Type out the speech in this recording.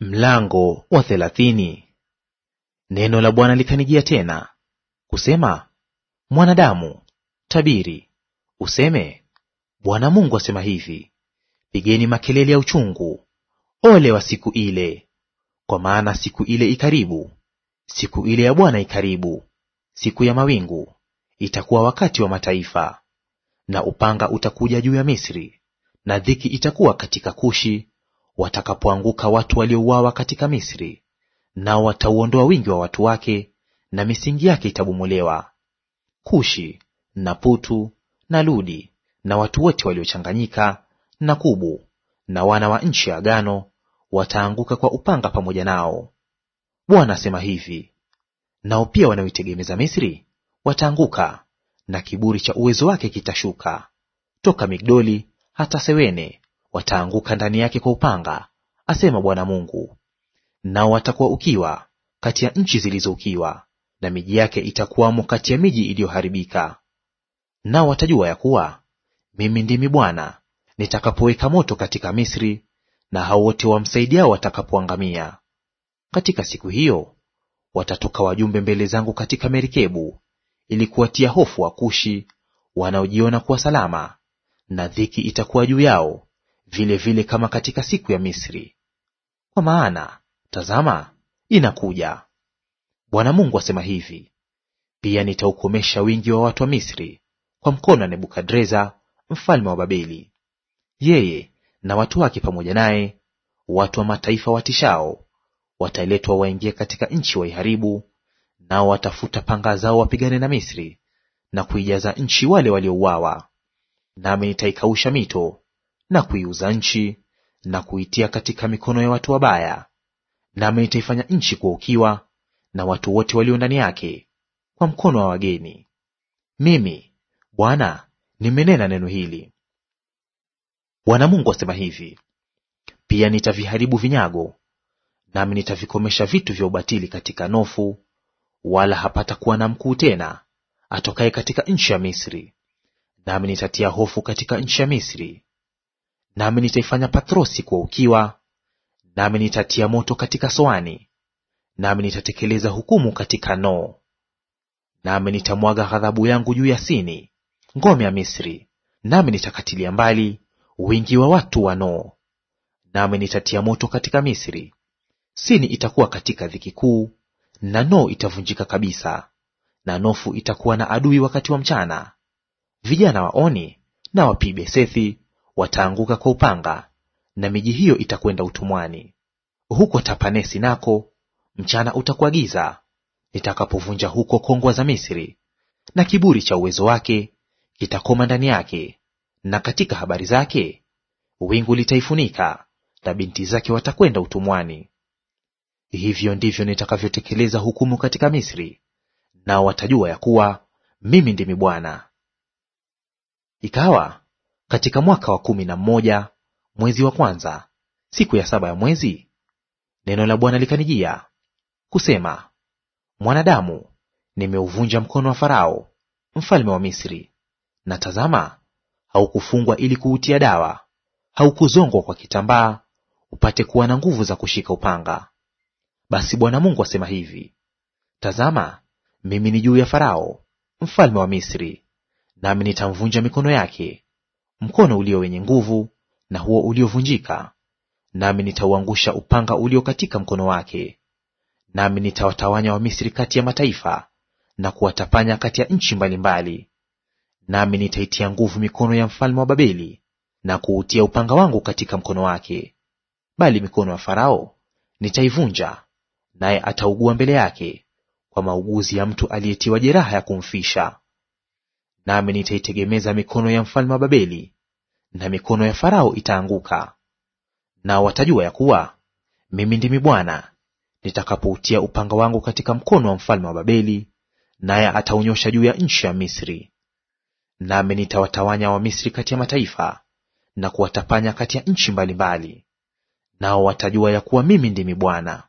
Mlango wa thelathini. Neno la Bwana likanijia tena kusema, mwanadamu, tabiri useme, Bwana Mungu asema hivi, pigeni makelele ya uchungu, ole wa siku ile! Kwa maana siku ile ikaribu, siku ile ya Bwana ikaribu, siku ya mawingu; itakuwa wakati wa mataifa. Na upanga utakuja juu ya Misri, na dhiki itakuwa katika Kushi watakapoanguka watu waliouawa katika Misri, nao watauondoa wingi wa watu wake, na misingi yake itabomolewa. Kushi na Putu na Ludi na watu wote waliochanganyika na Kubu na wana wa nchi ya agano wataanguka kwa upanga pamoja nao. Bwana asema hivi: nao pia wanaoitegemeza Misri wataanguka, na kiburi cha uwezo wake kitashuka toka Migdoli hata Sewene wataanguka ndani yake kwa upanga, asema Bwana Mungu. Nao watakuwa ukiwa kati ya nchi zilizoukiwa, na miji yake itakuwamo kati ya miji iliyoharibika. Nao watajua ya kuwa mimi ndimi Bwana nitakapoweka moto katika Misri, na hao wote wamsaidiao watakapoangamia. Katika siku hiyo watatoka wajumbe mbele zangu katika merikebu, ili kuwatia hofu Wakushi wanaojiona kuwa salama, na dhiki itakuwa juu yao vile vile kama katika siku ya Misri. Kwa maana tazama, inakuja. Bwana Mungu asema hivi: pia nitaukomesha wingi wa watu wa Misri kwa mkono wa Nebukadreza mfalme wa Babeli, yeye na watu wake pamoja naye, watu wa mataifa watishao wataletwa waingie katika nchi waiharibu, nao watafuta panga zao wapigane na Misri na kuijaza nchi wale waliouawa. Nami nitaikausha mito na kuiuza nchi na kuitia katika mikono ya watu wabaya, nami nitaifanya nchi kuwa ukiwa na watu wote walio ndani yake kwa mkono wa wageni. Mimi Bwana nimenena neno hili. Bwana Mungu asema hivi: pia nitaviharibu vinyago, nami nitavikomesha vitu vya ubatili katika Nofu, wala hapatakuwa na mkuu tena atokaye katika nchi ya Misri. Nami nitatia hofu katika nchi ya Misri, nami nitaifanya Patrosi kuwa ukiwa, nami nitatia moto katika Soani, nami nitatekeleza hukumu katika Noo. Nami nitamwaga ghadhabu yangu juu ya Sini, ngome ya Misri, nami nitakatilia mbali wingi wa watu wa Noo. Nami nitatia moto katika Misri, Sini itakuwa katika dhiki kuu, na Noo itavunjika kabisa, na Nofu itakuwa na adui wakati wa mchana. Vijana wa Oni na wapii Besethi wataanguka kwa upanga, na miji hiyo itakwenda utumwani. Huko Tapanesi nako mchana utakuwa giza, nitakapovunja huko kongwa za Misri, na kiburi cha uwezo wake kitakoma ndani yake, na katika habari zake wingu litaifunika, na binti zake watakwenda utumwani. Hivyo ndivyo nitakavyotekeleza hukumu katika Misri, nao watajua ya kuwa mimi ndimi Bwana. Ikawa katika mwaka wa kumi na mmoja mwezi wa kwanza siku ya saba ya mwezi, neno la Bwana likanijia kusema, mwanadamu, nimeuvunja mkono wa Farao mfalme wa Misri, na tazama, haukufungwa ili kuutia dawa, haukuzongwa kwa kitambaa, upate kuwa na nguvu za kushika upanga. Basi Bwana Mungu asema hivi, tazama, mimi ni juu ya Farao mfalme wa Misri, nami nitamvunja mikono yake mkono ulio wenye nguvu na huo uliovunjika, nami nitauangusha upanga ulio katika mkono wake. Nami nitawatawanya Wamisri kati ya mataifa na kuwatapanya kati ya nchi mbalimbali. Nami nitaitia nguvu mikono ya mfalme wa Babeli na kuutia upanga wangu katika mkono wake. Bali mikono ya Farao nitaivunja, naye ataugua mbele yake kwa mauguzi ya mtu aliyetiwa jeraha ya kumfisha nami nitaitegemeza mikono ya mfalme wa Babeli, na mikono ya Farao itaanguka. Nao watajua ya kuwa mimi ndimi Bwana nitakapoutia upanga wangu katika mkono wa mfalme wa Babeli, naye ataunyosha juu ya nchi ya Misri. Nami nitawatawanya Wamisri kati ya mataifa na kuwatapanya kati ya nchi mbalimbali, nao watajua ya kuwa mimi ndimi Bwana.